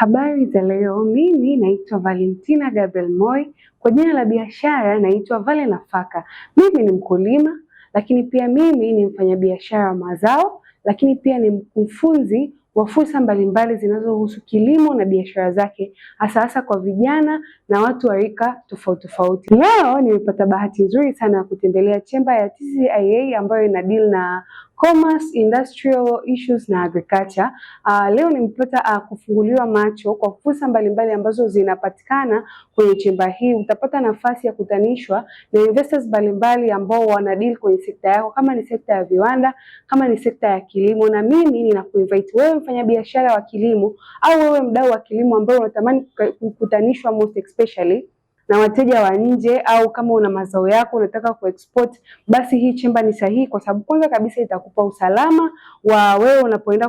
Habari za leo, mimi naitwa Valentina Gabriel Moi, kwa jina la biashara naitwa Vale Nafaka. Mimi ni mkulima, lakini pia mimi ni mfanyabiashara wa mazao, lakini pia ni mkufunzi wa fursa mbalimbali zinazohusu kilimo na biashara zake, hasa hasa kwa vijana na watu wa rika tofauti tofauti. Leo nimepata bahati nzuri sana ya kutembelea chemba ya TCCIA ambayo ina deal na Commerce, Industrial Issues na Agriculture. Uh, leo nimepata uh, kufunguliwa macho kwa fursa mbalimbali ambazo zinapatikana kwenye chemba hii. Utapata nafasi ya kutanishwa na investors mbalimbali ambao wanadili kwenye sekta yako, kama ni sekta ya viwanda, kama ni sekta ya kilimo. Na mimi ninakuinvite wewe mfanyabiashara wa kilimo au wewe mdau wa kilimo ambao unatamani kukutanishwa most especially na wateja wa nje, au kama una mazao yako unataka kuexport, basi hii chemba ni sahihi, kwa sababu kwanza kabisa itakupa usalama wa wewe unapoenda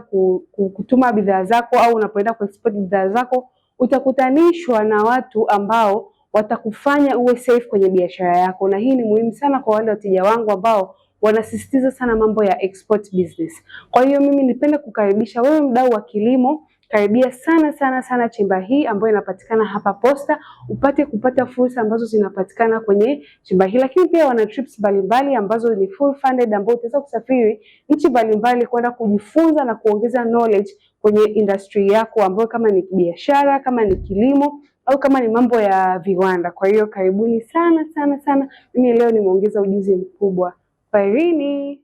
kutuma bidhaa zako au unapoenda kuexport bidhaa zako, utakutanishwa na watu ambao watakufanya uwe safe kwenye biashara yako, na hii ni muhimu sana kwa wale wateja wangu ambao wanasisitiza sana mambo ya export business. Kwa hiyo mimi nipende kukaribisha wewe mdau wa kilimo Karibia sana sana sana chemba hii ambayo inapatikana hapa Posta, upate kupata fursa ambazo zinapatikana kwenye chemba hii, lakini pia wana trips mbalimbali ambazo ni full funded, ambazo utaweza kusafiri nchi mbalimbali kwenda kujifunza na kuongeza knowledge kwenye industry yako ambayo kama ni biashara, kama ni kilimo au kama ni mambo ya viwanda. Kwa hiyo karibuni sana sana sana. Mimi leo nimeongeza ujuzi mkubwa. Kwaherini.